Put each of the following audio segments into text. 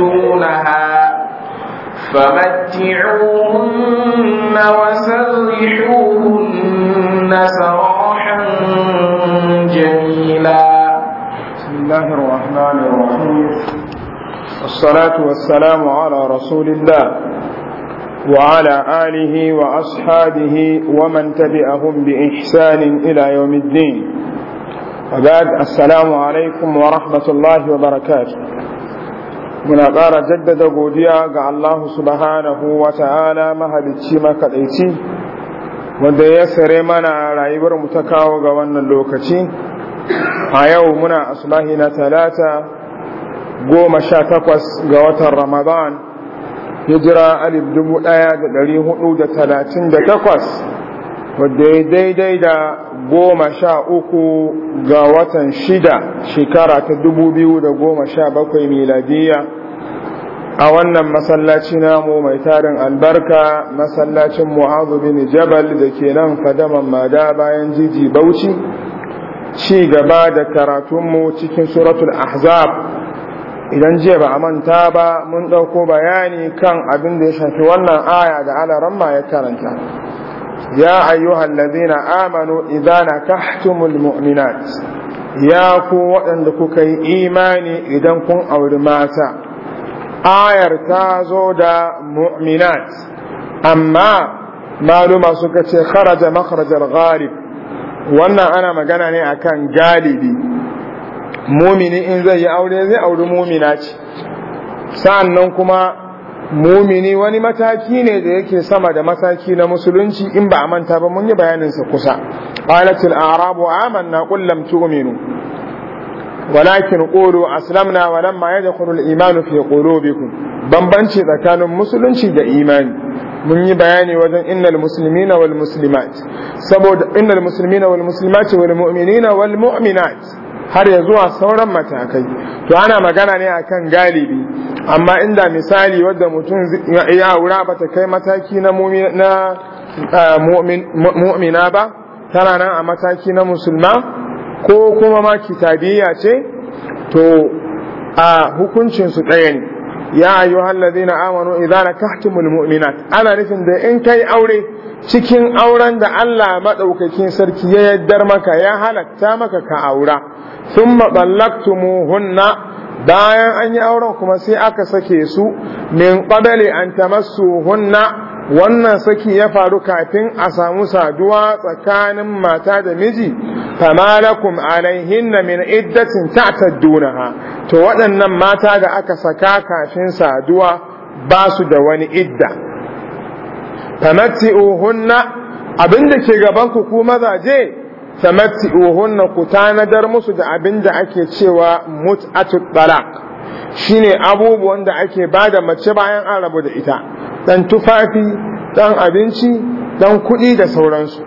يودونها فمتعوهن وسرحوهن سراحا جميلا بسم الله الرحمن الرحيم الصلاة والسلام على رسول الله وعلى آله وأصحابه ومن تبعهم بإحسان إلى يوم الدين وبعد السلام عليكم ورحمة الله وبركاته muna ƙara jaddada godiya ga Allah subhanahu wa ta'ala mahalicci makaɗaici wanda ya sare mana rayuwar mu ta kawo ga wannan lokaci a yau muna asulahi na talata goma sha takwas ga watan ramadan hijira alif dubu ɗaya da ɗari hudu da talatin da takwas wadda daidai da goma sha uku ga watan shida shekara ta dubu biyu da goma sha bakwai miladiya a wannan masallaci namu mai tarin albarka masallacin mu'azu bin jabal da ke nan fadaman mada bayan jiji bauchi ci gaba da karatunmu cikin suratul ahzab idan jiya ba a manta ba mun ɗauko bayani kan abin da ya shafi wannan aya da alaramma ya karanta يا أيها الذين آمنوا إذا نكحتم المؤمنات يا كو كي إيماني إذا كن أو الماتا آية تازو مؤمنات أما ما لما سكت خرج مخرج الغالب wannan أنا magana ne akan galibi mumini in zai yi aure zai auri mumina ce sa'annan kuma mumini wani mataki ne da yake sama da mataki na musulunci in ba a manta ba mun yi bayanin sa kusa qalatil a'rabu amanna qul lam tu'minu walakin qulu aslamna wa lamma yadkhulu al-iman fi qulubikum bambanci tsakanin musulunci da imani mun yi bayani wajen innal muslimina wal muslimat saboda innal muslimina wal muslimat wal mu'minina wal mu'minat har ya zuwa sauran matakai to ana magana ne akan galibi amma inda misali wadda mutum ya aura ba ta kai mataki na mu'mina ba tana nan a mataki na musulma ko kuma ma kitabiyya ce to a hukuncinsu ɗaya ne ya ayyu hallazi na amanu idza nakahtumul mu'minat ana nufin da in kai aure cikin auren da Allah madaukakin sarki ya yaddar maka ya halatta maka ka aura thumma ballaktumuhunna bayan an yi auren kuma sai aka sake su min qabali an tamassu hunna wannan saki ya faru kafin a samu saduwa tsakanin mata da miji famalakum na min iddatin ha to waɗannan mata da aka saka kafin saduwa ba su da wani idda famatti'uhunna abinda ke gabanku, ku ku mazaje uhunna ku tanadar musu da abin da ake cewa mut'atu talaq shine abubuwan da ake bada mace bayan an rabu da ita dan tufafi dan abinci dan kuɗi da sauransu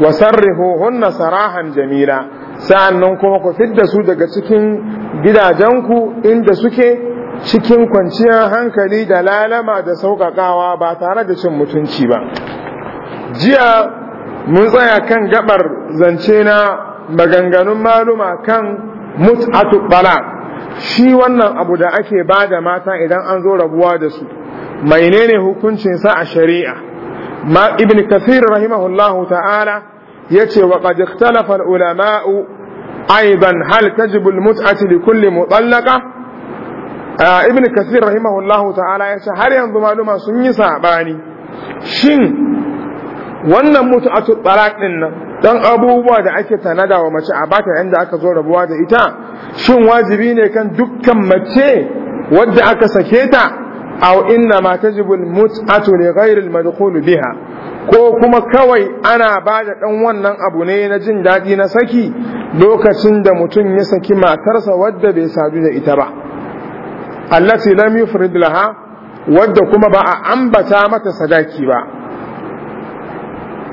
wa sarrihuhunna sarahan jamila sa'annan kuma ku fidda su daga cikin gidajenku inda suke cikin kwanciyar hankali da lalama da sauƙaƙawa ba tare da cin mutunci ba jiya mun tsaya kan gabar zance na maganganun maluma kan mut'atu talaq shi wannan abu da ake ba da mata idan an zo rabuwa da su Mainene hukuncin sa a shari'a ma ibn kathir rahimahullahu ta'ala yace wa qad ikhtalafa ulamau aidan hal tajibu al li kulli mutallaqa ibn kathir rahimahullahu ta'ala yace har yanzu maluma sun yi sabani shin wannan mutu a tuttara ɗin nan don abubuwa da ake tanada wa mace a baka inda aka zo rabuwa da ita shin wajibi ne kan dukkan mace wadda aka sake ta aw inna ma tajibu mut'atu li ghayri al biha ko kuma kawai ana ba da dan wannan abu ne na jin daɗi na saki lokacin da mutum ya saki matarsa wadda bai sadu da ita ba allati lam yufrid laha wadda kuma ba a ambata mata sadaki ba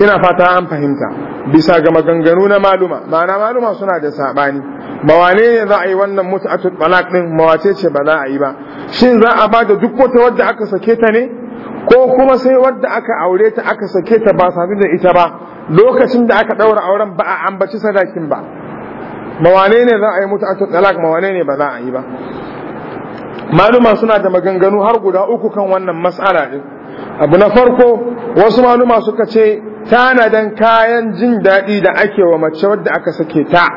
ina fata an fahimta bisa ga maganganu na maluma ma'ana maluma suna da sabani ba wane ne za a yi wannan mutu'atu din mawace ce ba za a yi ba shin za a bada duk wata wadda aka sake ta ne ko kuma sai wadda aka aure ta aka sake ta ba da ita ba lokacin da aka daura auren ba a ambaci sadakin ba mawane ne za a yi a tuttalak mawane ne ba za a yi ba maluma suna da maganganu har guda uku kan wannan mas'ala din abu na farko wasu maluma suka ce tanadan kayan jin daɗi da ake wa mace wadda aka sake ta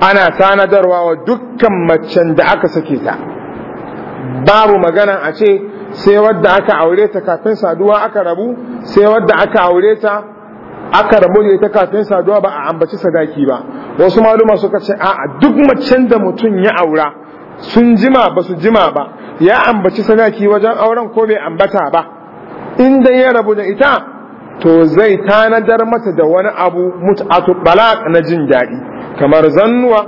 ana tanadarwa wa dukkan macen da aka sake ta babu magana a ce sai wadda aka aure ta kafin saduwa aka rabu sai wadda aka aure ta aka rabu da ita kafin saduwa ba a ambaci sadaki ba wasu maluma suka ce a'a duk macen da mutum ya aura sun jima ba su jima ba ya ambaci sadaki wajen auren ko bai ambata ba in da ya rabu da ita to zai tanadar mata da wani abu mut'atu balaq na jin daɗi kamar zannuwa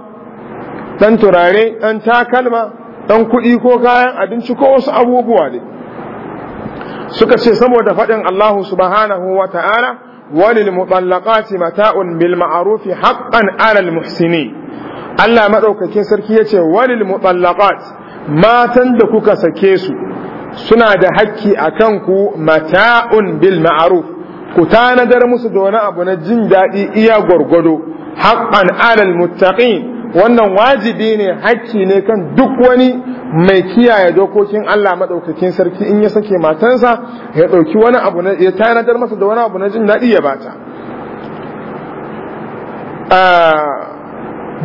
ɗan turare dan takalma ɗan kuɗi ko kayan abinci ko wasu abubuwa ne suka ce saboda faɗin Allah subhanahu wa ta'ala walil mutallaqati mata'un bil ma'ruf haqqan 'ala al muhsinin Allah madaukakin sarki yace walil mutallaqat matan da kuka sake su suna da hakki a kanku mata'un bil ma'aruf ku tanadar musu da wani abu na jin daɗi iya gwargwado haƙƙan alal muttaqin wannan wajibi ne hakki ne kan duk wani mai kiyaye dokokin Allah maɗaukakin sarki in ya sake matansa ya ɗauki wani abu na ya tanadar masa da wani abu na jin daɗi ya bata ah,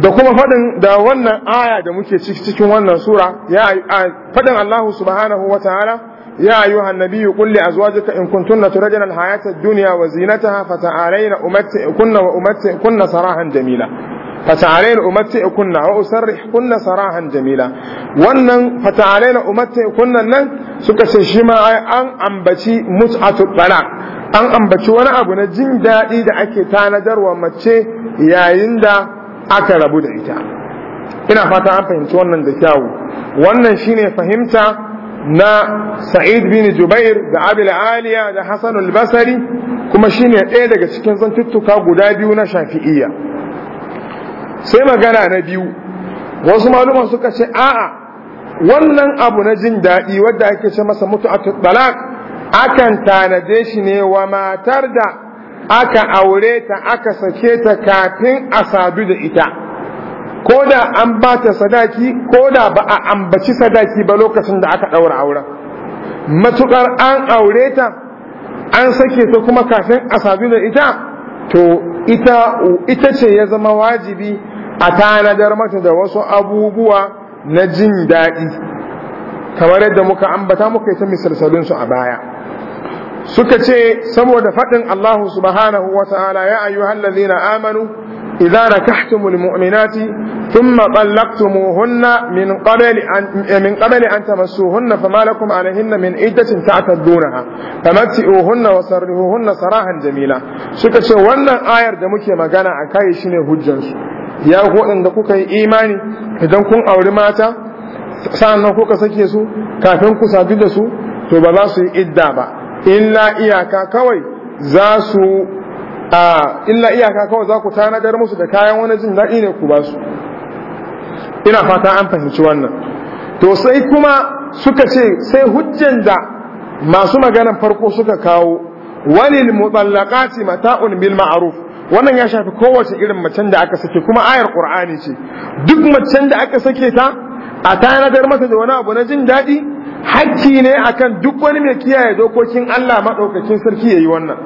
da kuma faɗin da wannan aya da muke cikin wannan sura ya faɗin Allah subhanahu wa ta'ala ya ayu annabi qul li azwajika in kuntunna turidna al-hayata ad-dunya wa zinataha fata'alayna umatti'kunna wa umatti'kunna sarahan jamila fata'alayna umatti'kunna wa usarrihkunna sarahan jamila wannan fata'alayna umatti'kunna nan suka ce shi ma an ambaci mut'atul talaq an ambaci wani abu na jin daɗi da ake tanadarwa mace yayin da aka rabu da ita ina fata an fahimci wannan da kyawu wannan shine fahimta na sa'id bin jubair da abil aliya da hasan al-basri kuma shine ɗaya daga cikin zantuttuka guda biyu na shafi'iyya sai magana na biyu wasu maluma suka ce a'a wannan abu na jin daɗi wadda ake ce masa mutu a akan tanade shi ne wa matar da aka aure ta aka sake ta kafin a sadu da ita ko da an ba ta sadaki ko da ba a ambaci sadaki ba lokacin da aka ɗaura auren Matukar an aure ta an sake ta kuma kafin a sadu da ita to ita, ita ce ya zama wajibi a tanadar mata da wasu abubuwa na jin daɗi kamar yadda muka ambata muka yi ta misalsalinsu a baya suka ce saboda faɗin Allah subhanahu wa ta'ala ya ayyuhal ladina amanu idza nakahtumul mu'minati thumma talaqtumuhunna min qabli an eh, min qabli an tamassuhunna fama lakum alayhinna min iddatin ta'tadunaha famatti'uhunna sarahan jamila suka ce wannan ayar da muke magana akai shi ne hujjansu, ya ku da kuka yi imani idan kun auri mata nan kuka sake su kafin ku sadu da su to ba za su yi idda ba illa iyaka kawai za su a illa iyaka kawai za ku tanadar musu da kayan wani jin daɗi ne ku ba su ina fata an fahimci wannan to sai kuma suka ce sai hujjan da masu maganan farko suka kawo walil ce mata'un bil ma'ruf wannan ya shafi kowace irin macen da aka sake kuma ayar qur'ani ce duk macen da aka sake ta a tanadar masa da wani abu na jin daɗi hakki ne akan duk wani mai kiyaye dokokin Allah maɗaukacin sarki ya yi wannan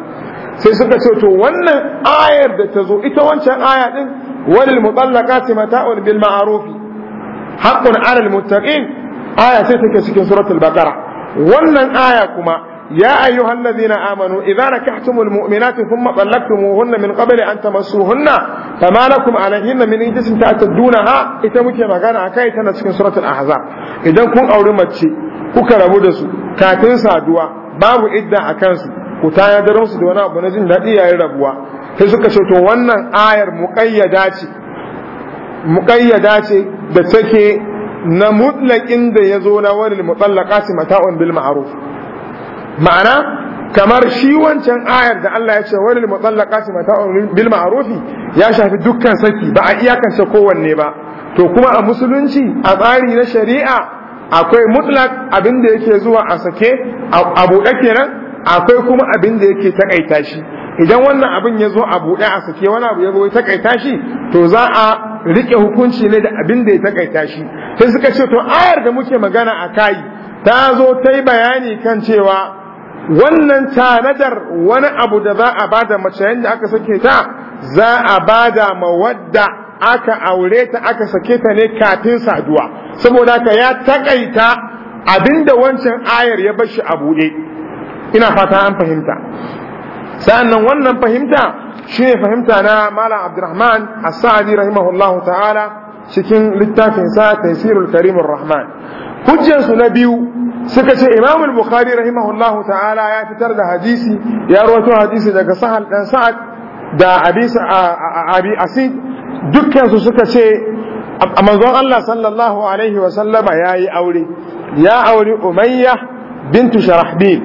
sai suka ce to wannan ayar da ta zo ita wancan aya din walil mutallaqati mata'un bil ma'ruf haqqun 'alal muttaqin aya sai take cikin suratul baqara wannan aya kuma Ya يا أيها الذين آمنوا إذا نكحتم المؤمنات ثم طلقتموهن من قبل أن تمسوهن فما لكم عليهن من إجس تعتدونها إتمك مكان أكاية نسكن سورة Idan kun auri mace kuka rabu da su kafin saduwa babu idda a kansu ku tayar da da wani abu na jin daɗi yayin rabuwa sai suka ce to wannan ayar muƙayyada ce muƙayyada ce da take na mutlaƙin da ya zo na wani mutallaka mata'un bil ma'ruf ma'ana kamar shi wancan ayar da Allah ya ce wani matsallakati mata'un bil ma'arufi ya shafi dukkan saki ba a iyakance kowanne ba to kuma a musulunci a tsari na shari'a akwai mutlak abin da yake zuwa a sake a buɗe kenan akwai kuma abin da yake takaita shi idan wannan abin ya zo a buɗe a sake wani abu ya zo ya takaita shi to za a rike hukunci ne da abin da ya takaita shi sai suka ce to ayar da muke magana a kai ta zo ta yi bayani kan cewa wannan tanadar wani abu da za a bada mace yadda aka sake ta za a bada wadda aka aure ta aka sake ta ne kafin saduwa saboda ka ya takaita abinda wancan ayar ya bashi a buɗe ina fata an fahimta sa'annan wannan fahimta shine fahimta na malam abdurrahman as-sa'di rahimahullahu ta'ala cikin littafin sa tafsirul karimur rahman hujjansu na biyu suka ce Imam al-Bukhari rahimahullahu ta'ala ya fitar da hadisi ya rawaito hadisi daga Sahal dan Sa'ad da Abi Asid dukkan su suka ce manzon Allah sallallahu alaihi wa sallama yayi aure ya aure Umayya bintu Sharahbil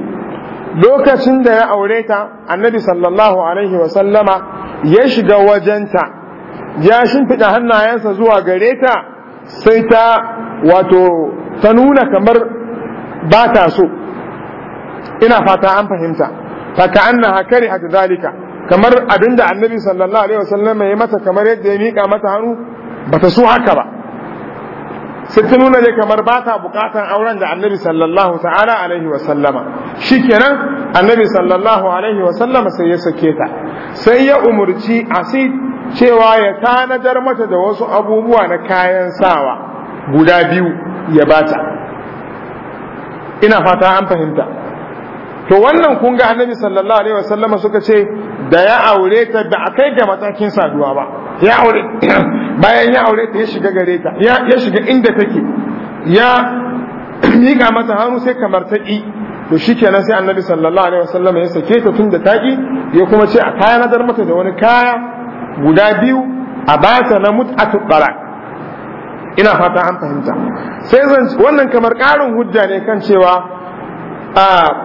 lokacin da ya aure ta annabi sallallahu alaihi wa sallama ya shiga wajenta ya shimfiɗa hannayensa zuwa gare ta sai ta wato ta nuna kamar ba ta so ina fata an fahimta fa ka hakari a zalika kamar abinda annabi sallallahu alaihi wasallam ya mata kamar yadda ya mika mata hannu ba ta so haka ba sai ta nuna ne kamar ba ta bukatan auren da annabi sallallahu ta'ala alaihi wasallama kenan annabi sallallahu alaihi wasallama sai ya sake ta sai ya umurci asid cewa ya tanadar mata da wasu abubuwa na kayan sawa guda biyu ya bata ina fata an fahimta to wannan kun ga annabi sallallahu alaihi wasallam suka ce da ya aure ta ba a ga matakin saduwa ba ya aure bayan ya aure ta ya shiga gare ta ya shiga inda take ya miƙa mata hannu sai kamar ta to shikenan sai annabi sallallahu alaihi wasallam ya sake ta tun da taƙi ya kuma ce a kaya nazar mata da wani kaya guda biyu a ba ta na mut'atu barak ina fata an fahimta sai zan wannan kamar ƙarin hujja ne kan cewa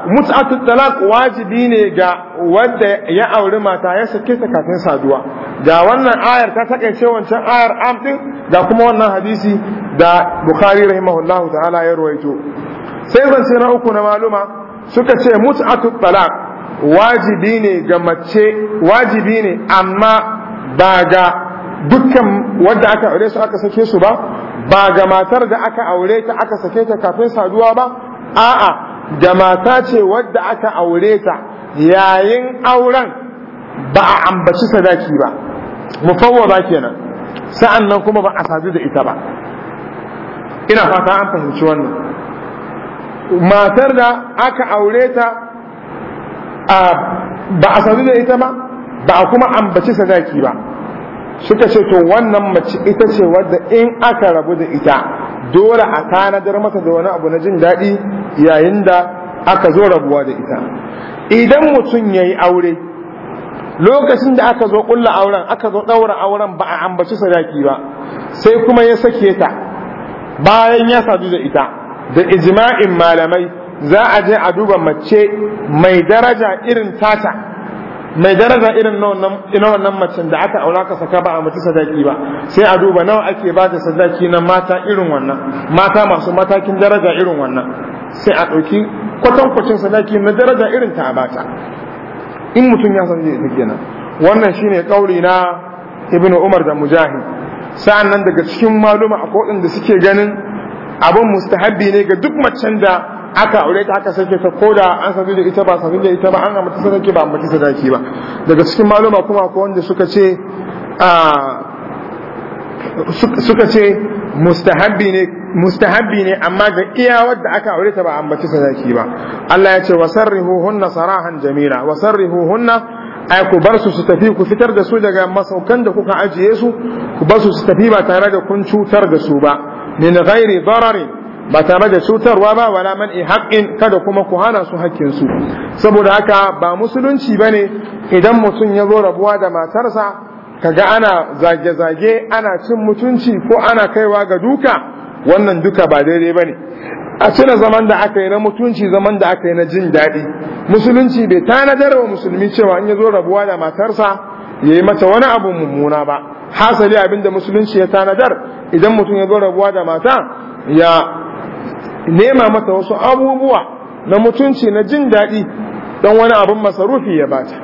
mut'atu talaq wajibi ne ga wanda ya auri mata ya sake ta kafin saduwa da wannan ayar ta takaice wancan ayar am din da kuma wannan hadisi da bukhari rahimahullahu ta'ala ya ruwaito sai zan sai na uku na maluma suka ce mut'atu talaq wajibi ne ga mace wajibi ne amma ba ga dukkan wadda aka aure su aka sake su ba ba ga matar da aka aure ta aka sake ta kafin saduwa ba a'a ga mata ce wadda aka aure ta yayin auren ba a ambaci sadaki ba ba kenan sa'an nan kuma ba a sadu da ita ba ina fata an fahimci wannan matar da aka aure ta ba a sadu da ita ba ba a kuma ambaci sadaki ba suka ce to wannan mace ita ce wadda in aka rabu da ita dole a tanadar mata da wani abu na jin daɗi yayin da aka zo rabuwa da ita idan mutum ya yi aure lokacin da aka zo ƙulla auren aka zo ɗaura auren ba a ambaci sadaki ba sai kuma ya sake ta bayan ya sadu da ita da ijma'in malamai za a je a duba mace mai daraja irin tata mai daraja irin na wannan macen da aka aura ka saka ba a mutu sadaki ba sai a duba nawa ake ba da sadaki na mata irin wannan mata masu matakin daraja irin wannan sai a ɗauki kwatankwacin sadaki na daraja irin ta a in mutum ya san zai ita wannan shine ƙauri na ibnu umar da mujahid sa'an nan daga cikin maluma a kodin da suke ganin abin mustahabbi ne ga duk macen da aka aure ta aka sake ta koda an sake da ita ba sake da ita ba an amma ta sadaki ba amma ta ba daga cikin maluma kuma ko wanda suka ce suka ce mustahabbi ne mustahabbi ne amma ga iya wadda aka aure ta ba an ambaci sadaki ba Allah ya ce wasarrihu hunna sarahan jamila wasarrihu hunna ai ku bar su su tafi ku fitar da su daga masaukan da kuka ajiye su ku bar su su tafi ba tare da kun cutar da su ba min ghairi dararin ba tare da cutarwa ba wala man haƙƙin kada kuma ku hana su haƙƙin su saboda haka ba musulunci bane idan mutum ya zo rabuwa da matarsa kaga ana zage-zage ana cin mutunci ko ana kaiwa ga duka wannan duka ba daidai bane a cire zaman da aka yi na mutunci zaman da aka yi na jin daɗi musulunci bai tanadar wa musulmi cewa in ya zo rabuwa da matarsa ya yi mata wani abu mummuna ba hasali abin da musulunci ya tanadar idan mutum ya zo rabuwa da mata ya nema mata wasu abubuwa na mutunci na jin daɗi don wani abin masarufi ya bata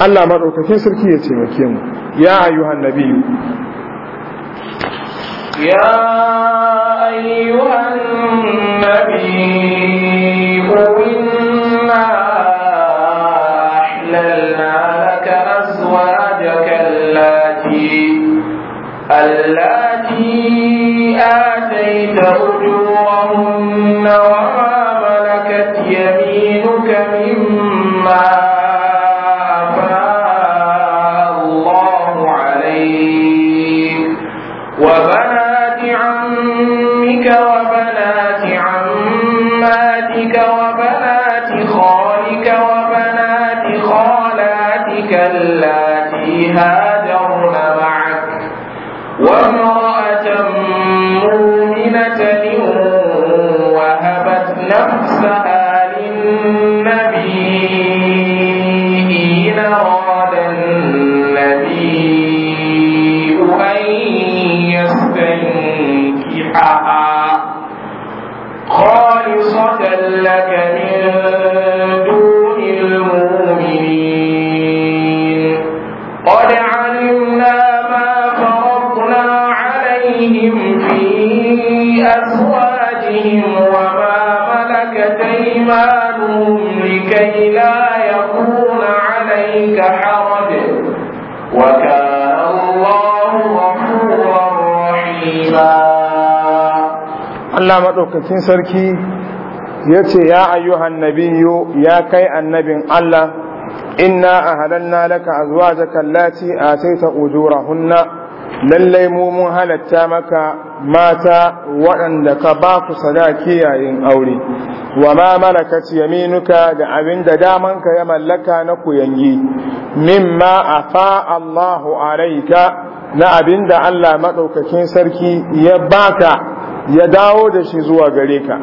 Allah maɗaukakin sarki ya taimake mu ya ayyuhan nabiyu يا أيها النبي a اللاتي آتيت mu. وما ملكت يمينك مما أفاء الله عليك وبنات عمك وبنات عماتك وبنات خالك وبنات خالاتك الله Allah maɗaukakin sarki ya ce ya ayyuhan nabiyu ya kai annabin Allah inna a halanna laka a zuwa jakallati a sai ta hunna lallai mu mun halatta maka mata waɗanda ka ba ku sadaki yayin aure wa ma malakat yaminuka da abin da ka ya mallaka na kuyangi mimma afa Allahu alaika na abin da Allah maɗaukakin sarki ya baka ya dawo da shi zuwa gare ka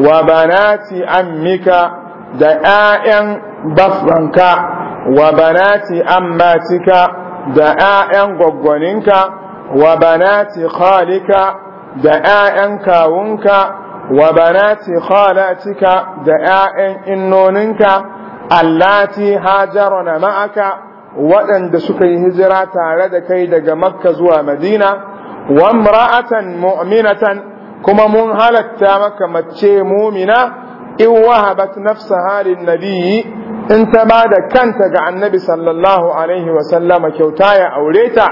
wa banati ammika da ƴaƴan bafranka wa banati ammatika da ƴaƴan gwaggwaninka wa banati khalika da ƴaƴan kawunka wa banati khalatika da ƴaƴan innoninka allati hajarana ma'aka waɗanda suka yi hijira tare da kai daga makka zuwa madina wa imra'atan mu'minatan kuma mun halatta maka mace mumina in wahabat nafsaha halin nabiyyi in ta ba da kanta ga annabi sallallahu alaihi wa sallama kyauta ya aure ta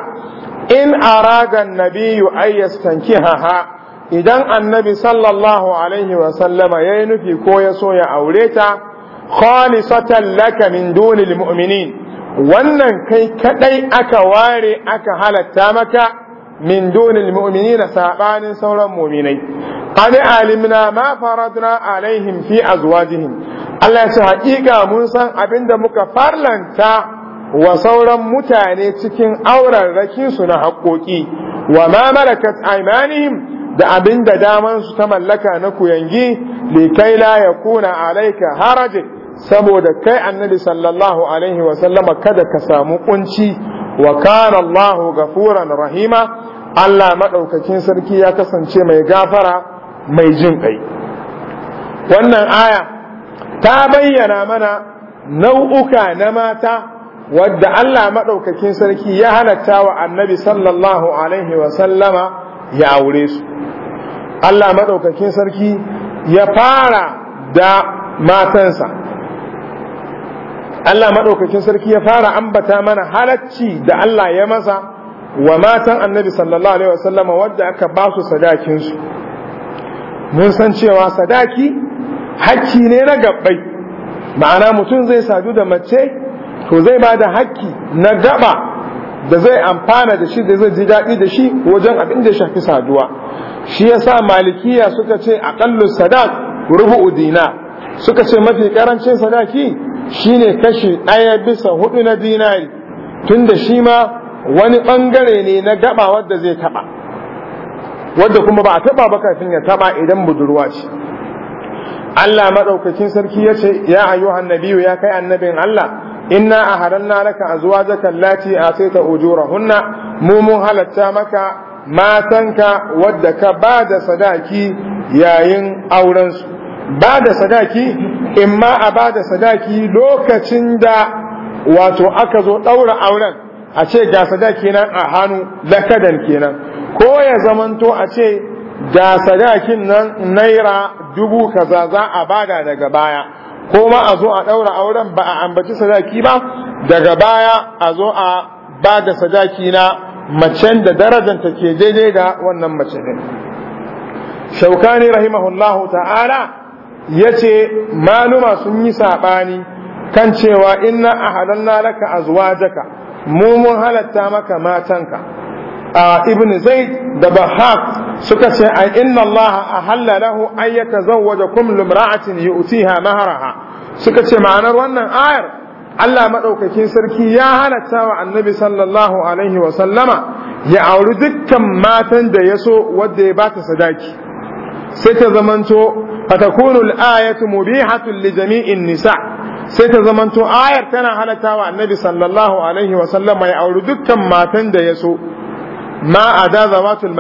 in araga nabiyyu haha. idan annabi sallallahu alaihi wa sallama yayi nufi ko ya so ya aure ta khalisatan laka min dunil mu'minin wannan kai kadai aka ware aka halatta maka min dunil mu'minina sabanin sauran mu'minai an alimna ma faradna alaihim fi azwajihim Allah ya ce haƙiƙa mun san abin da muka farlanta wa sauran mutane cikin auren rakinsu na haƙoƙi wa ma malakat da abin da daman su ta mallaka na kuyangi likai la ya kuna alaika haraje saboda kai annabi sallallahu alaihi wa sallama kada ka samu ƙunci wa kana Allahu gafuran rahima Allah maɗaukakin sarki ya kasance mai gafara mai jin ƙai wannan aya ta bayyana mana nau'uka na mata wadda Allah maɗaukakin sarki ya halatta wa annabi sallallahu alaihi wasallama ya aure su Allah maɗaukakin sarki ya fara da matansa Allah maɗaukakin sarki ya fara ambata mana halacci da Allah ya masa wa matan annabi sallallahu alaihi wasallama wadda aka ba su sadakinsu mun san cewa sadaki hakki ne na gabbai ma'ana mutum zai sadu da mace to zai ba da hakki na gaba da zai amfana da shi da zai ji daɗi da shi wajen abin da shafi saduwa shi yasa malikiya suka ce aqallu sadaq rubu'u dina suka ce mafi karancin sadaki shine kashi ɗaya bisa hudu na dinari tunda shi ma wani ɓangare ne na gaba wadda zai taba wadda kuma ba a taba ba kafin ya taɓa idan budurwa ce Allah madaukakin sarki ya ce ya ayyuhan annabiyu ya kai annabin Allah inna aharanna laka azwajaka allati asita ujurahunna mu mun halatta maka matanka wadda ka ba da sadaki yayin aurensu ba da sadaki imma a ba da sadaki lokacin da wato aka zo ɗaura auren a ce ga sadaki nan a hannu lakadan kenan ko ya zamanto a ce ga sadakin nan naira dubu kaza za a bada daga baya ko ma a zo a daura auren ba a ambaci sadaki ba daga baya a zo a bada da sadaki na macen da darajanta ke daidai da wannan mace din shaukani rahimahullahu ta'ala ya ce maluma sun yi saɓani kan cewa inna a zuwa laka azwajaka mu mun halatta maka matanka ibn zaid da bahaq suka ce ai inna allah ahalla lahu an waje kum limra'atin utiha maharaha suka ce ma'anar wannan ayar Allah maɗaukakin sarki ya halatta wa annabi sallallahu alaihi wa sallama ya auri dukkan matan da ya so wadda ya bata sadaki sai ta zamanto fatakunu al-ayatu mubihatun li jami'in nisa' sai ta zamanto ayar tana halatta wa annabi sallallahu alaihi wa sallam. ya auri dukkan matan da ya so ma a da zawatul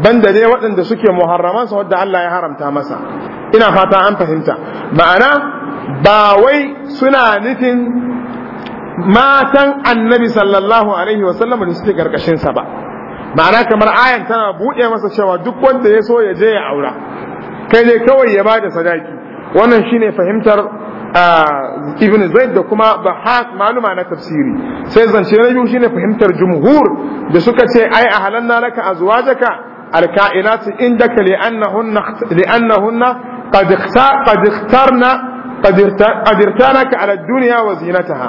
banda ne waɗanda suke muharramansa wadda Allah ya haramta masa ina fata an fahimta ma'ana ba wai suna nufin matan annabi sallallahu alaihi wa sallam da suke karkashinsa ba ma'ana kamar ayan tana buɗe masa cewa duk wanda ya so ya je ya aura kai ne kawai ya bada sadaki wannan shine fahimtar ibn zaid da kuma bahak maluma na tafsiri sai zance na biyu shine fahimtar jumhur da suka ce ai a halanna laka azwajaka alka'inat indaka li'annahunna li'annahunna qad qad ikhtarna qad irtanaka ala dunya wa zinataha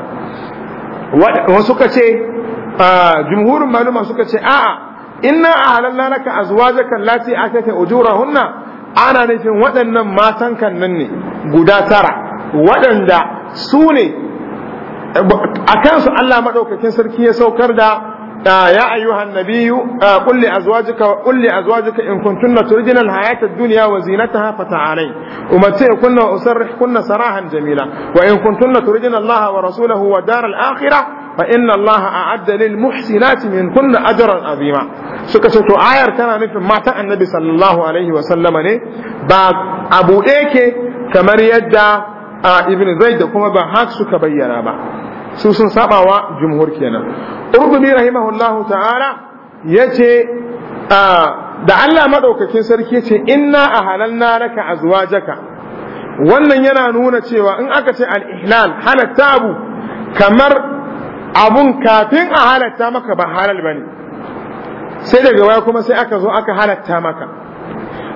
wa suka ce jumhurun suka ce a'a inna a halanna laka azwajaka lati ataka ujurahunna ana nufin waɗannan matan kan ne guda tara waɗanda su ne a kansu Allah maɗaukakin sarki ya saukar da ah, ya ayyuhan nabiyu kulli ah, azwajika kulli azwajika in kuntunna turidina alhayata ad-dunya wa zinataha fa ta'alay umati kunna usarrih kunna sarahan jamila wa in kuntunna turidina Allah wa rasulahu wa dar al-akhirah inna Allah a'adda lil muhsinati min kunna ajran azima suka so to ayar tana nufin mata annabi sallallahu alaihi wa sallama ne ba a buɗe dake kamar yadda a ibn zaid da kuma ba hak suka bayyana ba su sun sabawa jumhur kenan urdubi rahimahullahu ta'ala yace da Allah madaukakin sarki yace inna a laka azwajaka wannan yana nuna cewa in aka ce al-ihlal halatta abu kamar abun kafin a halatta maka ba halal bane sai daga waya kuma sai aka zo aka halatta maka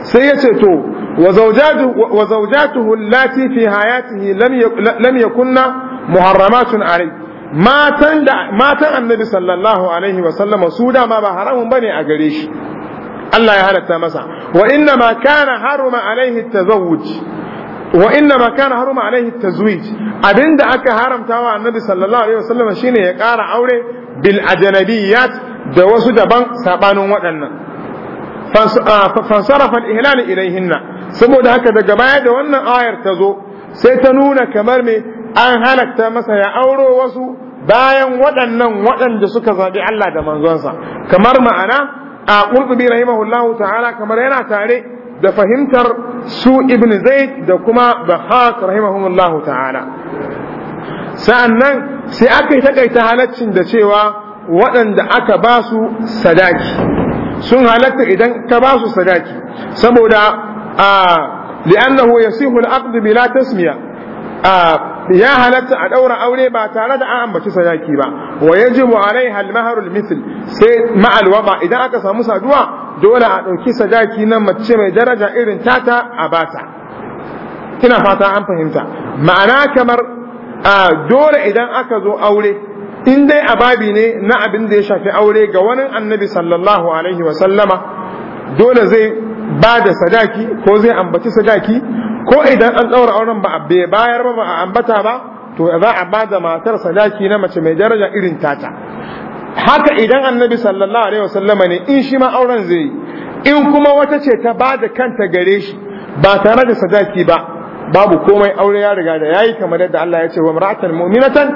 sai yace to وزوجاته اللاتي في حياته لم لم يكن محرمات عليه matan da matan annabi sallallahu alaihi wa sallama su da ba haramun bane a gare shi Allah ya halatta masa wa inna ma kana haruma alaihi tazawuj abinda aka haramtawa annabi sallallahu alaihi wa sallama shine ya kara aure bil ajanabiyat da wasu daban sabanin waɗannan fansarafa ah, al idan hinna saboda haka daga baya da wannan ayar ta zo sai ta nuna kamar me an halarta masa ya auro wasu bayan waɗannan waɗanda suka zaɓi Allah da manzonsa kamar ma'ana a qurtubi rahimahullahu ta'ala kamar yana tare da fahimtar su ibn zaid da kuma bahaq rahimahullahu ta'ala sa'annan sai aka yi takaita halaccin da cewa waɗanda aka ba su sadaki sun halatta idan ka ba su sadaki saboda a li'annahu yasihu al-aqd bila tasmiya ya halatta a daura aure ba tare da an ambaci sadaki ba wa yajibu alaiha al-mahr al-mithl sai ma'al wada idan aka samu saduwa dole a dauki sadaki na mace mai daraja irin tata a bata fata an fahimta ma'ana kamar dole idan aka zo aure in dai ababi ne na abin da ya shafi aure ga wani annabi sallallahu alaihi wasallama dole zai ba da sadaki ko zai ambaci sadaki ko idan an daura auren ba a bayar ba ba a ambata ba to za a ba da matar sadaki na mace mai daraja irin tata haka idan annabi sallallahu alaihi wasallama ne in shi ma auren zai yi in kuma wata ce ta ba da kanta gare shi ba tare da sadaki ba babu komai aure ya riga da yayi kamar yadda Allah ya ce wa mar'atan mu'minatan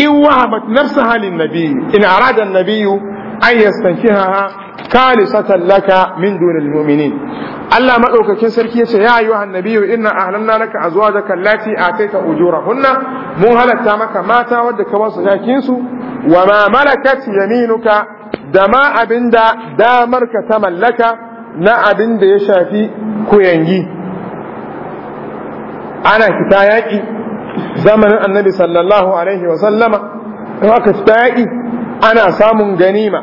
in wahabat nafsaha lin nabi in arada an-nabiy an yastankihaha khalisatan laka min dunil mu'minin Allah madaukakin sarki ce ya ayyuhan nabiyyu inna ahlanna laka azwajaka allati ataita ujurahunna mun halatta maka mata wadda ka basu zakin su wa ma malakat yaminuka da ma abinda damarka ta mallaka na abin da ya shafi kuyangi ana fita yaƙi zamanin annabi sallallahu alaihi wa sallama in aka fita yaƙi ana samun ganima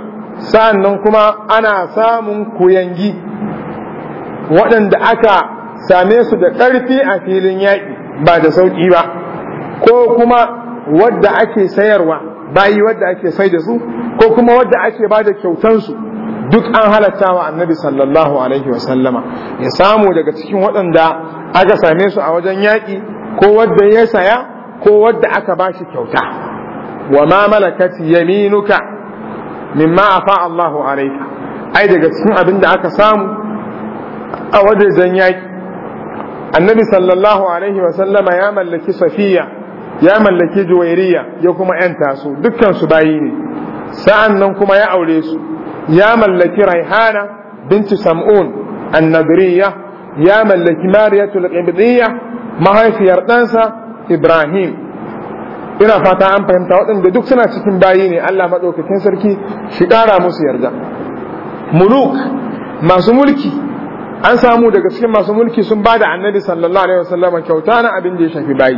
sannan kuma ana samun kuyangi waɗanda aka same su da ƙarfi a filin yaƙi ba da sauƙi ba ko kuma wadda ake sayarwa bayi wadda ake sai da su ko kuma wadda ake bada da kyautansu duk an halatta wa annabi sallallahu alaihi wasallama ya samu daga cikin waɗanda aka same su a wajen yaƙi ko wadda ya saya ko wadda aka ba shi kyauta wa ma malakat yaminuka mimma afa Allahu alaika ai daga cikin abin aka samu a wajen yaƙi annabi sallallahu alaihi wasallama ya mallaki safiya ya mallaki juwairiya ya kuma yanta su dukkan su bayi ne sa'an nan kuma ya aure su ya mallaki raihana Binci sam'un annadriya ya mallaki mariyatul qibdiyya mahaifiyar ɗansa ibrahim ina fata an fahimta waɗanda duk suna cikin bayi ne allah maɗaukakin sarki shi ƙara musu yarda muluk masu mulki an samu daga cikin masu mulki sun ba da annabi sallallahu alaihi wasallam kyauta na abin da ya shafi bayi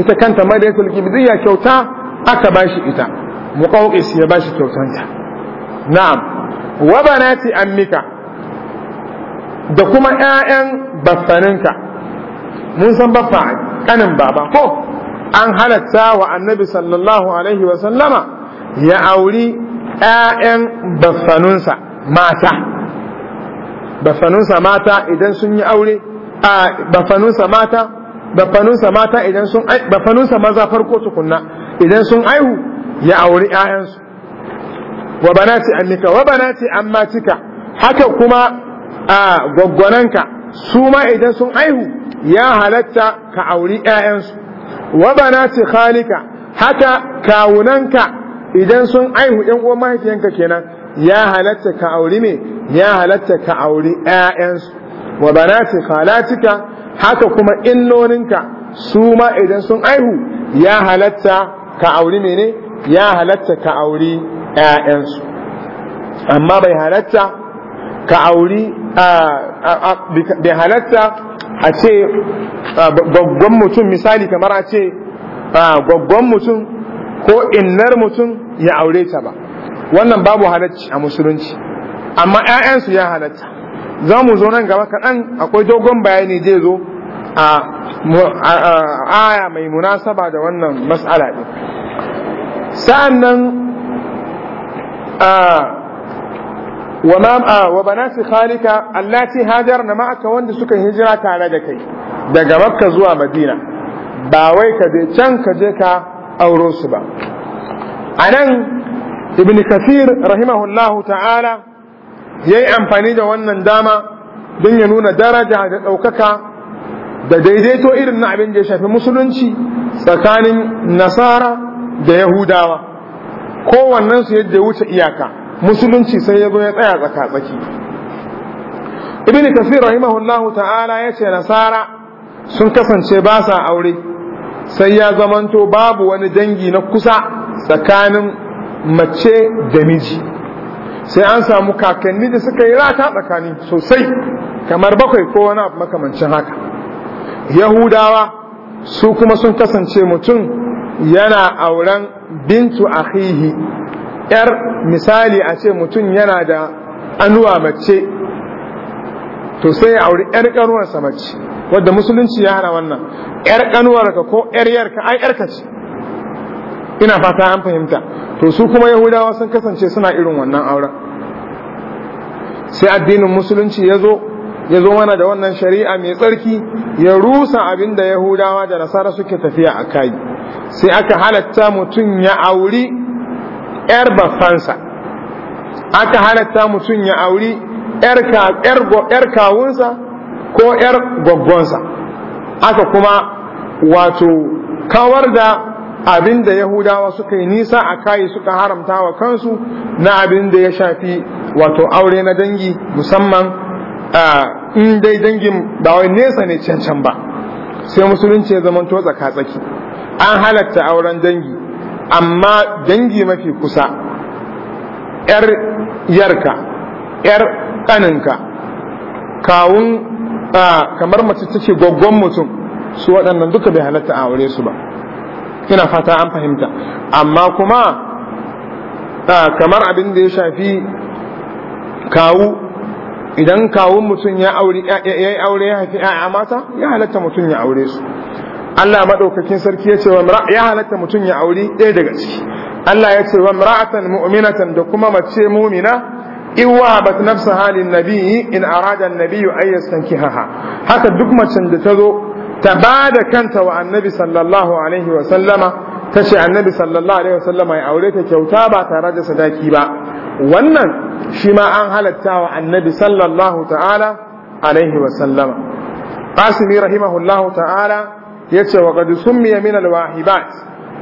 ita kanta mariyatul qibdiyya kyauta aka bashi ita muqawqis ya bashi kyautanta na'am wa banati ammika da kuma ƴaƴan baffaninka mun san baffa kanin baba ko an halatta wa annabi sallallahu alaihi wa sallama ya auri ƴaƴan baffanunsa mata baffanunsa mata idan sun yi aure a baffanunsa mata baffanunsa mata idan sun baffanunsa maza farko tukunna idan sun aihu ya auri ƴaƴansu wa banati annika wa banati ammatika haka kuma a gwaggwananka su ma idan sun aihu ya halatta ka auri ƴaƴansu wa banati khalika haka kawunanka idan sun aihu ƴan uwan mahaifiyanka kenan ya halatta ka auri me ya halatta ka auri ƴaƴansu wa banati khalatika haka kuma innoninka su ma idan sun aihu ya halatta ka auri mene ya halatta ka auri ‘ya'yansu amma bai halatta ka auri bai halatta a ce gwaggon mutum misali kamar a ce gwaggon mutum ko innar mutum ya aure ta ba wannan babu halacci a musulunci amma ‘ya'yansu ya halatta za mu zo nan gaba kaɗan akwai dogon bayani zai zo a aya mai munasaba da wannan mas'ala ɗin sa'an nan wa ma wa banati khalika allati hajarna ma'aka wanda suka hijira tare da kai daga makka zuwa madina ba wai ka je can ka je ka auro su ba anan ibn kathir rahimahullahu ta'ala yayi amfani da wannan dama don ya nuna daraja da ɗaukaka da daidaito irin na abin da ya shafi musulunci tsakanin nasara da yahudawa kowannen su yadda wuce iyaka musulunci sai ya zo ya tsaya tsaka tsaki ibn kasir rahimahullah ta'ala yace nasara sun kasance ba sa aure sai ya zamanto babu wani dangi na kusa tsakanin mace da miji sai an samu kakanni da suka yi rata tsakani sosai kamar bakwai ko wani abu makamancin haka yahudawa su kuma sun kasance mutum yana auren bintu akhihi yar misali a ce mutum yana da anuwa mace to sai ya auri yar kanuwarsa mace wadda musulunci ya hana wannan yar kanuwarka ko yar yarka ai yarka ce ina fata an fahimta to su kuma yahudawa sun kasance suna irin wannan auren sai addinin musulunci ya zo ya zo mana da wannan shari'a mai tsarki ya rusa abin da yahudawa da nasara suke tafiya a kai sai aka halatta mutum ya auri ‘yar bafansa aka halatta mutum ya auri ‘yar kawunsa ko ‘yar goggonsa, aka kuma wato kawar da abin da Yahudawa suka yi nisa a kayi suka haramta wa kansu na abin da ya shafi wato aure na dangi musamman a in dai dangin ba wai nesa ne cancan ba sai musulunci ya zama to tsaka tsaki an halatta auren dangi amma dangi mafi kusa yar yarka yar kaninka kawun kamar mace take goggon mutum su waɗannan duka bai halatta a aure su ba ina fata an fahimta amma kuma kamar abin da ya shafi kawu idan kawun mutum ya yi aure ya haifi ‘ya'ya mata ya halatta mutum ya aure su Allah maɗaukakin sarki ya ce wa ya halatta mutum ya aure ɗaya daga ciki Allah ya ce wa mura'atan mu'minatan da kuma mace mumina in iwa bat nafsa halin nabiyyi in arada nabiyyu ay haha. haka duk macen da ta zo ta ba da kanta wa annabi sallallahu alaihi wa sallama ta ce annabi sallallahu alaihi wa sallama ya aure ta kyauta ba tare da sadaki ba wannan shi ma an halatta wa annabi sallallahu ta'ala alaihi wa sallama qasimi rahimahullahu ta'ala yace wa qad summiya min alwahibat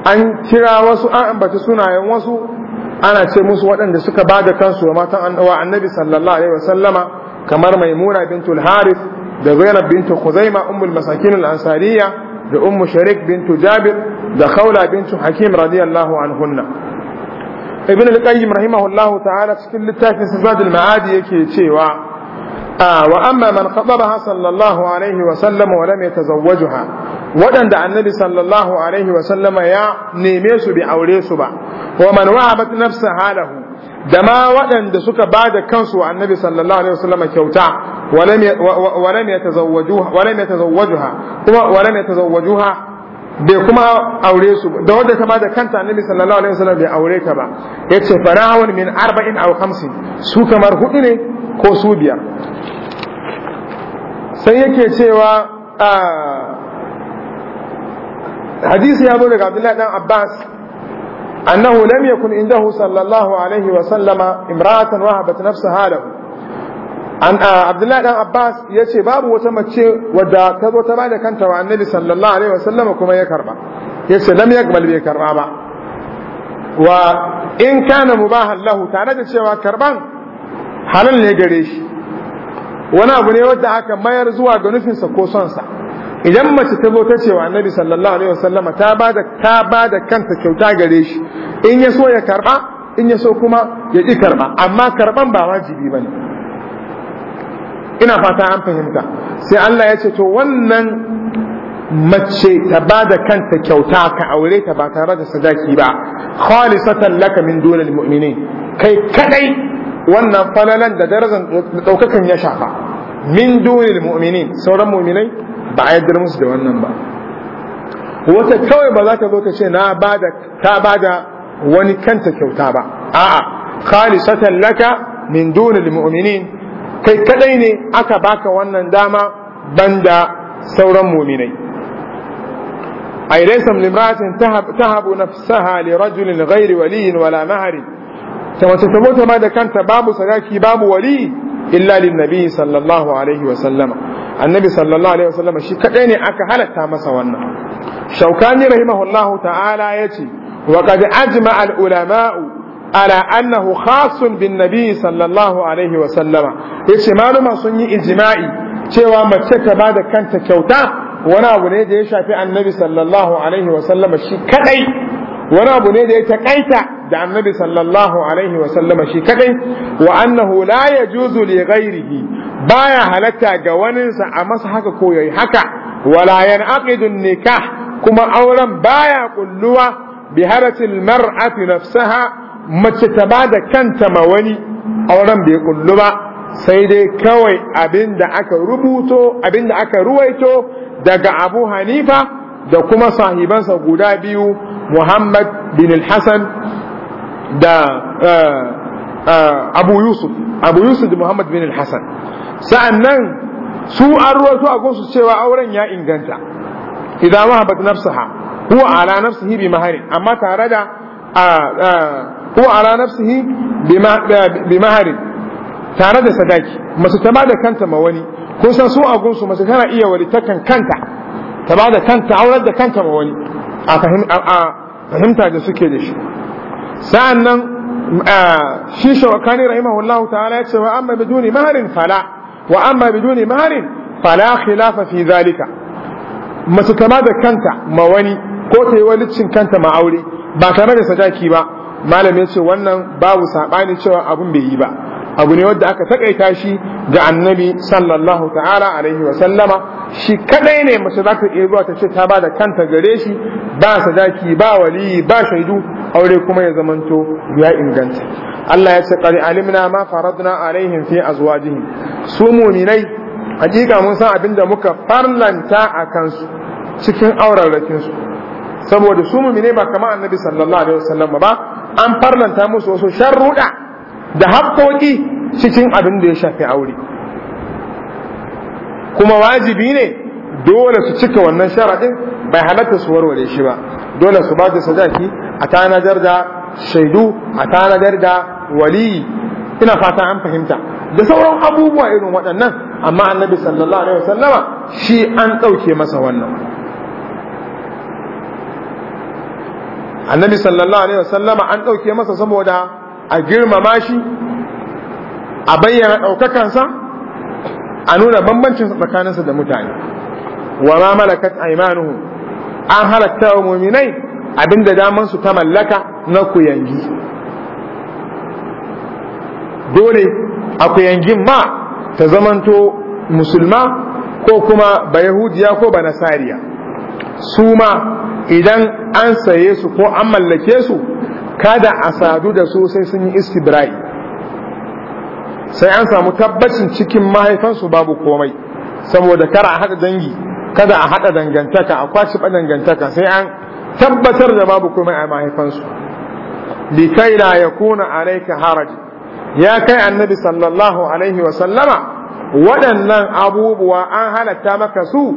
an kira wasu an ambaci sunayen wasu ana ce musu waɗanda suka ba da kansu wa matan annabi sallallahu alaihi wa sallama kamar maimuna bintul harith da zainab bintu khuzaima ummul masakin al da ummu sharik bintu jabir da khawla bintu hakim radiyallahu anhunna ibn al-qayyim rahimahullahu ta'ala cikin littafin zadul ma'adi yake cewa ah, wa amma man khatabaha sallallahu alaihi wa sallam wa lam yatazawwajha waɗanda annabi sallallahu alaihi wa sallama ya neme su bi aure su ba wa man wahabat nafsa halahu da ma waɗanda suka ba da kansu wa annabi sallallahu alaihi wa sallama kyauta walam yatazawwajuha walam yatazawwajuha kuma walam yatazawwajuha bai kuma aure su da wadda ta ma da kanta annabi sallallahu alaihi wasallam bai aure ta ba yace farahun min arba'in aw khamsin su kamar hudu ne ko su biyar sai yake cewa hadisi ya zo daga Abdullahi dan Abbas annahu lam yakun indahu sallallahu alaihi wa sallama imra'atan wahabat nafsaha lahu an ah, abdullahi dan abbas ya ce babu wata mace wadda ta zo ta bada kanta wa annabi sallallahu alaihi wasallam kuma ya karba ya ce lam yakbal bai karba ba wa in kana mubahan lahu tare da cewa karban halal ne gare shi wani abu ne wadda aka mayar zuwa ga nufinsa ko sonsa idan mace ta zo ta ce wa annabi sallallahu alaihi wasallama ta bada ta bada kanta kyauta gare shi in ya so ya karba in ya so kuma ya ki karba amma karban ba wajibi bane ina fata an fahimta sai Allah ya ce to wannan mace ta ba da kanta kyauta ka aure ta ba tare da sadaki ba khalisatan laka min dunal mu'minin kai kadai wannan falalan da darajar daukakan ya shafa min dunal mu'minin sauran mu'minai ba a yaddar musu da wannan ba wata kawai ba za ta zo ta ce na bada ta bada wani kanta kyauta ba a'a khalisatan laka min dunal mu'minin kai kadai ne aka baka wannan dama banda sauran muminai ay laysa ta tahabu nafsaha li rajulin ghairi waliyin wala mahari ta wace ta mota ma da kanta babu sadaki babu wali illa lin nabi sallallahu alaihi wa sallama annabi sallallahu alaihi wa sallama shi kadai ne aka halatta masa wannan shaukani rahimahullahu ta'ala yace wa qad ajma'a al ulama'u Ala'Annahu annahu khasun bin nabi sallallahu alaihi wa sallama yace maluma sun yi ijima'i. cewa mace ta da kanta kyauta wani abu ne da ya shafi annabi sallallahu alaihi wa sallama shi kadai wani abu ne da ya takaita da annabi sallallahu alaihi wa sallama shi kadai wa annahu la yajuzu li ghairihi baya halatta ga waninsa a masa haka ko yayi haka wala yanqidu nikah kuma auren baya kulluwa bi halatil nafsaha mace ta ba da kanta ma wani auren bai kullu ba sai dai kawai abin da aka rubuto abin da aka ruwaito daga abu hanifa da kuma sahibansa guda biyu muhammad bin al-hassan da eh, eh, abu yusuf abu yusuf da muhammad bin al-hassan sa'annan su an ruwaito a gunsu cewa auren ya inganta idan wahabat nafsaha huwa ala nafsihi bi maharin amma tare da eh, ko ala nafsihi bi mahari tare da sadaki masu ta da kanta ma wani ko san su a gunsu masu tana iya walitakan kanta ta ba da kanta aurar da kanta ma wani a fahimta da suke da shi sa'an nan shi shawakani rahimahullah ta'ala ya ce wa amma bi biduni maharin fala wa amma bi biduni maharin fala khilafa fi zalika mace kama da kanta ma wani ko ta yi walicin kanta ma aure ba tare da sadaki ba malami ce wannan babu sabani cewa abun bai yi ba abu ne wanda aka takaita shi ga annabi sallallahu ta'ala alaihi wa sallama shi kadai ne mace za ta iya zuwa ta ce ta ba da kanta gare shi ba sadaki ba wali ba shaidu aure kuma ya zamanto ya inganta Allah ya ce qali alimna ma faradna alaihim fi azwajihim su mu'minai hakika mun san da muka farlanta a kansu cikin auren su saboda su mu'minai ba kamar annabi sallallahu alaihi wasallam ba an farlanta musu wasu sharruɗa da haƙoƙi cikin abin da ya shafi aure kuma wajibi ne dole su cika wannan sharaɗin bai halatta su warware shi ba dole su ba da sadaki a tanadar da shaidu a tanadar da waliyi ina fata an fahimta da sauran abubuwa irin waɗannan amma annabi sallallahu alaihi wasallama shi an ɗauke masa wannan annabi sallallahu alaihi wasallama an ɗauke masa saboda a girmama shi a bayyana ɗaukakansa a nuna bambancin tsakaninsa da mutane wa ma malakat aymanuhu an halatta wa muminai abinda daman su ta mallaka na kuyangi dole a kuyangin ma ta zamanto musulma ko kuma ba yahudiya ko ba nasariya su ma idan an saye su ko an mallake su kada a sadu da su sai sun yi istibra'i sai an samu tabbacin cikin mahaifansu babu komai saboda kar a haɗa dangi kada a haɗa dangantaka a kwashi ba dangantaka sai an tabbatar da babu komai a mahaifansu likai la yakuna alayka haraji ya kai annabi sallallahu alaihi wa sallama waɗannan abubuwa an halatta maka su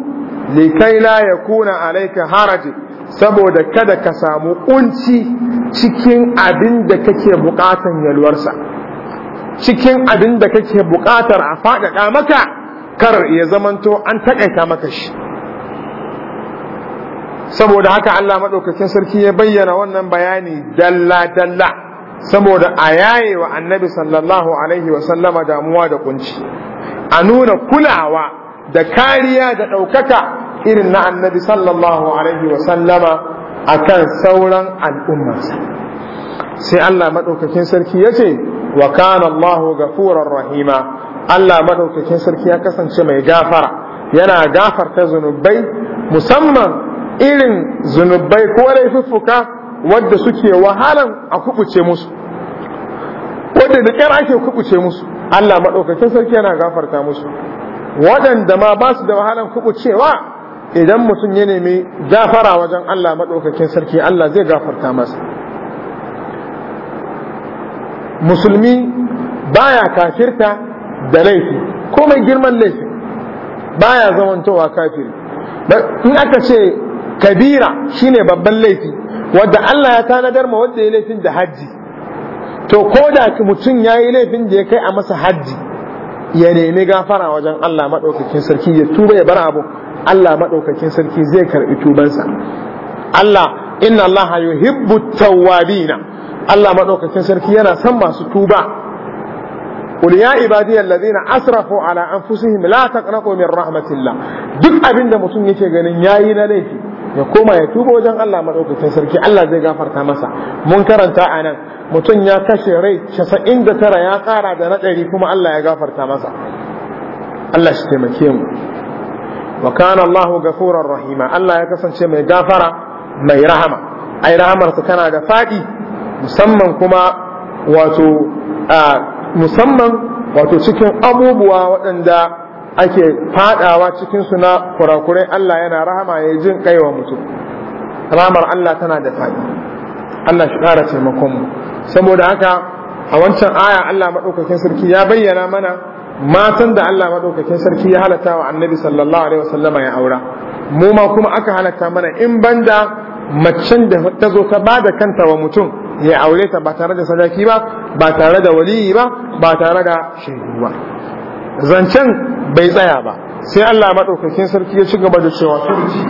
likai la kuna alayka haraji saboda kada ka samu kunci cikin abin da kake bukatan yalwarsa cikin abin da kake bukatar a faɗaɗa maka kar ya zamanto an taƙaita maka shi saboda haka Allah madaukakin sarki ya bayyana wannan bayani dalla-dalla saboda a yaye wa annabi sallallahu alaihi wa sallama, damuwa da kunci a nuna kulawa da kariya da ɗaukaka irin na annabi sallallahu alaihi wa sallama akan sauran al'ummarsa sai Allah maɗaukakin sarki yace wa kana Allahu ghafurar rahima Allah maɗaukakin sarki ya kasance mai gafara yana gafarta zunubai musamman irin zunubai ko laifuffuka wadda suke wahalan a kubuce musu wadda da kyar ake kubuce musu Allah maɗaukakin sarki yana gafarta musu waɗanda ma ba su da wahalan kubucewa idan mutum ya nemi gafara wajen Allah maɗaukakin sarki Allah zai gafarta masa musulmi baya kafirta da laifi ko mai girman laifi baya zamantowa kafiri in aka ce kabira shine babban laifi wadda Allah ya tanadar ma wanda ya laifin da hajji to ko da mutum ya yi laifin da ya kai a masa hajji ya nemi gafara wajen Allah maɗaukakin sarki ya tuba ya bar abu Allah madaukakin sarki zai karɓi tubansa Allah inna Allah yuhibbu tawwabina Allah madaukakin sarki yana san masu tuba Qul ya عبادي الذين asrafu ala anfusihim la taqnaqu min rahmatillah. duk abin da mutum yake ganin yayi na laifi ya koma ya tuba wajen Allah madaukakin sarki Allah zai gafarta masa mun karanta anan mutum ya kashe rai 99 ya kara da na 100 kuma Allah ya gafarta masa Allah shi taimake mu wa kana Allahu gafurar rahima Allah ya kasance mai gafara mai rahama ai rahamarsa kana da faɗi musamman kuma wato musamman wato cikin abubuwa waɗanda ake fadawa cikin su na kurakurai Allah yana rahama ya jin kaiwa mutum rahamar Allah tana da faɗi Allah shi ƙara taimakon mu saboda haka a wancan aya Allah madaukakin sarki ya bayyana mana matan da Allah madaukakin sarki ya halatta wa annabi sallallahu alaihi wasallama ya aura mu ma kuma aka halatta mana in banda macen da ta zo ta bada kanta wa mutum ya aure ta ba tare da sadaki ba ba tare da waliyi ba ba tare da shaidu ba zancen bai tsaya ba sai Allah madaukakin sarki ya ci gaba da cewa turji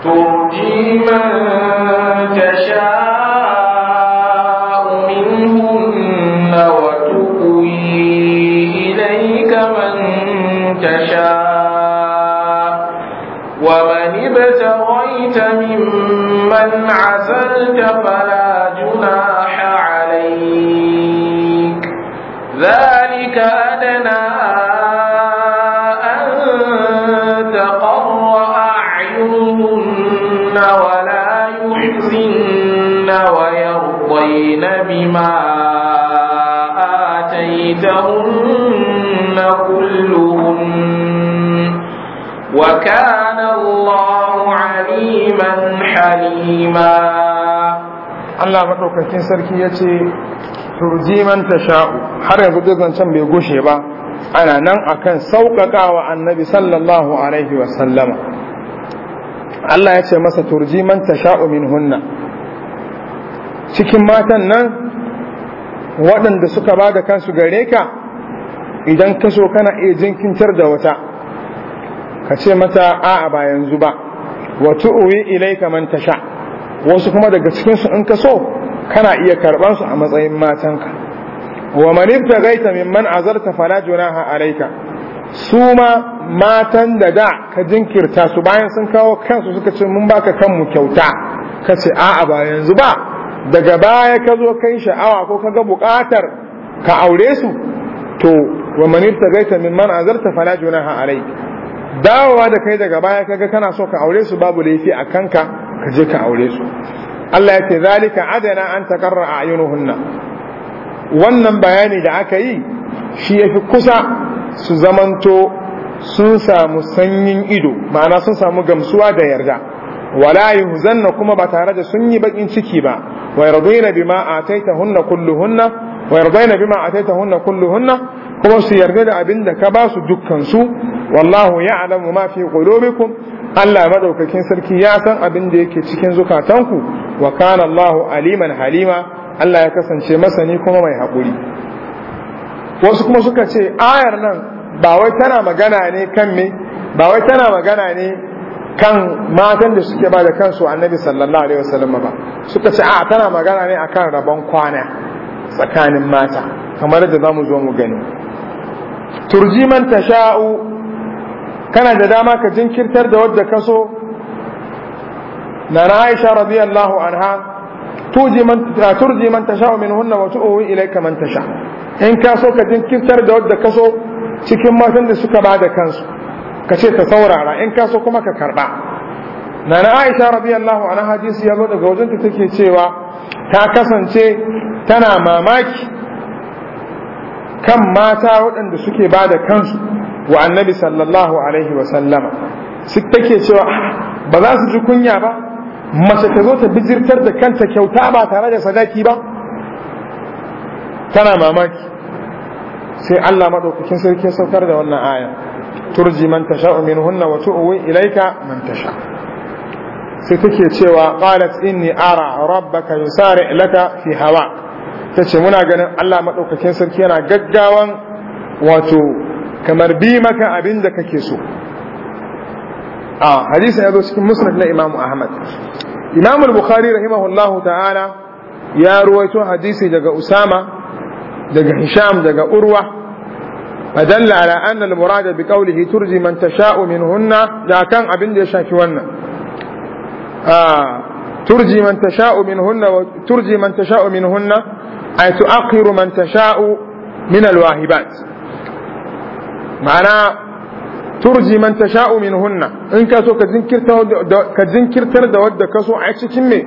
تؤتي كنت ممن عزلت فلا جناح عليك ذلك أدنى أن تقر أعينهن ولا يحزن ويرضين بما آتيتهن كل وكان الله عليما حليما Allah maɗaukakin sarki ya ce, Turjiman ta sha'u, har yanzu duk zancen bai gushe ba, ana nan akan sauƙaƙawa annabi sallallahu Alaihi wasallama. Allah ya ce masa turjiman ta sha'u min hunna. Cikin matan nan, waɗanda suka ba da kansu gare ka, idan ka so kana iya jinkintar da wata. ka ce mata a'a ba yanzu ba wa ilai kamar man tasha wasu kuma daga cikinsu in ka so kana iya karban su a matsayin matanka wa man min man azarta fala junaha alayka su ma matan da da ka jinkirta su bayan sun kawo kansu suka ce mun baka kanmu kyauta ka ce a'a ba yanzu ba daga baya ka zo kai sha'awa ko ka ga buƙatar ka aure su to wa man min man azarta fala junaha alayka dawowa da kai daga baya kaga kana so ka aure su babu laifi a kanka ka je ka aure su Allah ya ce zalika adana an takarra ayunuhunna wannan bayani da aka yi shi yafi kusa su zamanto sun samu sanyin ido ma'ana sun samu gamsuwa da yarda wala yuhzanna kuma ba tare da sun yi bakin ciki ba wa yardina bima ataitahunna kulluhunna wa yardina bima ataitahunna kulluhunna kuma su yarda da abin da ka ba su dukkan su wallahu ya alamu ma fi qulubikum Allah madaukakin sarki ya san abin da yake cikin zukatanku wa kana Allah aliman halima Allah ya kasance masani kuma mai hakuri. wasu kuma suka ce ayar nan ba wai tana magana ne kan me ba wai tana magana ne kan matan da suke ba da kansu annabi sallallahu alaihi wasallam ba suka ce a tana magana ne akan rabon kwana tsakanin mata kamar da zamu zo mu gani turjiman tasha'u kana da dama ka jinkirtar da wadda ka so na na aisha radiyallahu anha tuji man turji man tasha min hunna wa tu'u ilayka man tasha in ka so ka jinkirtar da wadda ka so cikin matan da suka bada kansu ka ce ta saurara in ka so kuma ka karba na na radiyallahu anha hadisi ya zo daga wajen ta take cewa ta kasance tana mamaki kan mata waɗanda suke bada kansu wa annabi sallallahu alaihi wa sallama su take cewa ah, ba za su ji kunya ba mace ta zo ta bijirtar da kanta kyauta ba tare da sadaki ba tana mamaki sai Allah madaukakin sarki ya saukar da wannan aya turji man tasha'u minhunna wa tu'wi ilayka man tasha sai take cewa qalat inni ara rabbaka yusari laka fi hawa tace muna ganin Allah madaukakin sarki yana gaggawan wato kamar bi maka abin da kake so a hadisin ya zo cikin musnad na imamu ahmad imamu al-bukhari rahimahullahu ta'ala ya ruwaito hadisi daga usama daga hisham daga urwa fadalla ala anna al-murad bi qawlihi turji man tasha'u minhunna da kan abin da ya shafi wannan a turji man tasha'u minhunna wa turji man tasha'u minhunna ay tu'akhiru man tasha'u min al-wahibat ma'ana turji man tasha'u hunna, in ka so ka jinkirtar da wadda ka so a cikin me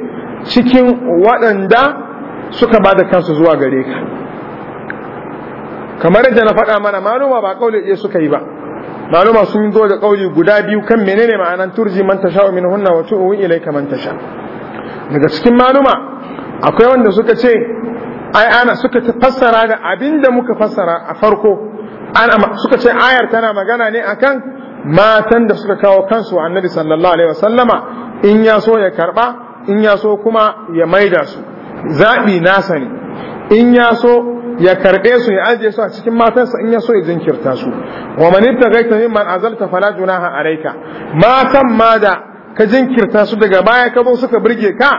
cikin waɗanda suka ba da kansu zuwa gare ka kamar yadda na faɗa mana maluma ba kauli ɗaya suka yi ba maluma sun zo da kauli guda biyu kan menene ma'anan turji man tasha'u hunna, wa tu'u ilayka man tasha daga cikin maluma akwai wanda suka ce ai ana suka fassara da abinda muka fassara a farko suka ce ayar tana magana ne akan matan da suka kawo kansu annabi sallallahu alaihi wasallama in ya so ya karba in ya so kuma ya maida su zaɓi nasa ne in ya so ya karɓe su ya ajiye su a cikin matansa in ya so ya jinkirta su wa man ibtaghaita mimman azalta fala junaha alayka matan ma da ka jinkirta su daga baya ka zo suka burge ka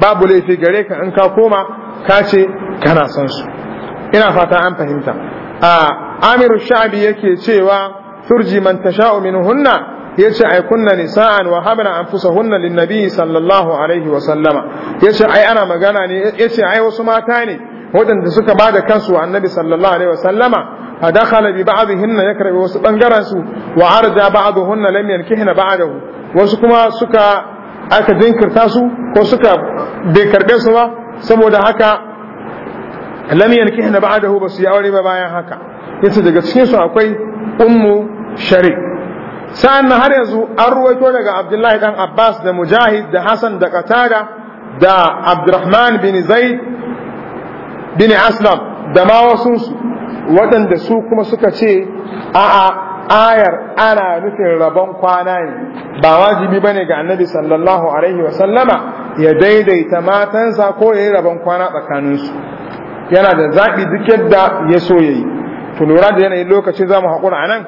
babu laifi gare ka in ka koma ka ce kana san su ina fata an fahimta a amiru sha'abi yake cewa turji man tasha'u hunna yace ai kunna nisa'an wa habna anfusahunna linnabi sallallahu alaihi wa sallama yace ai ana magana ne yace ai wasu mata ne waɗanda suka ba da kansu wa annabi sallallahu alaihi wa sallama a dakhala bi ba'dihinna ya karbi wasu bangaren su wa arja ba'dihunna lam yankihna ba'dahu wasu kuma suka aka jinkirta su ko suka bai karbe su ba saboda haka lam yankihna ba'dahu ba su aure ba bayan haka yace daga cikin su akwai ummu shari sa'an har yanzu an ruwaito daga abdullahi dan abbas da mujahid da hasan da qatada da abdurrahman bin zaid bin aslam da ma wasu su waɗanda su kuma suka ce a'a ayar ana nufin rabon kwana ne ba wajibi ba ne ga annabi sallallahu alaihi wasallama ya daidaita matansa ko ya yi rabon kwana tsakaninsu yana da zaɓi duk yadda ya so ya yi to lura da yanayin lokacin za mu haƙura a nan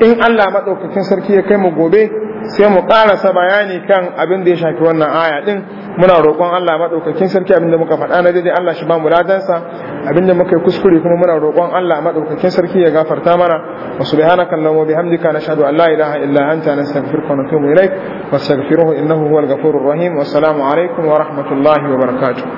in Allah maɗaukakin sarki ya kai mu gobe sai mu ƙarasa bayani kan abin da ya shafi wannan aya ɗin muna roƙon Allah maɗaukakin sarki abin da muka faɗa na daidai Allah shi ba mu ladansa abin da muka yi kuskure kuma muna roƙon Allah maɗaukakin sarki ya gafarta mana wa subhanaka allahumma bihamdika nashhadu an la ilaha illa anta nastaghfiruka wa natubu ilaik wastaghfiruhu innahu huwal ghafurur rahim wa alaikum wa rahmatullahi wa barakatuh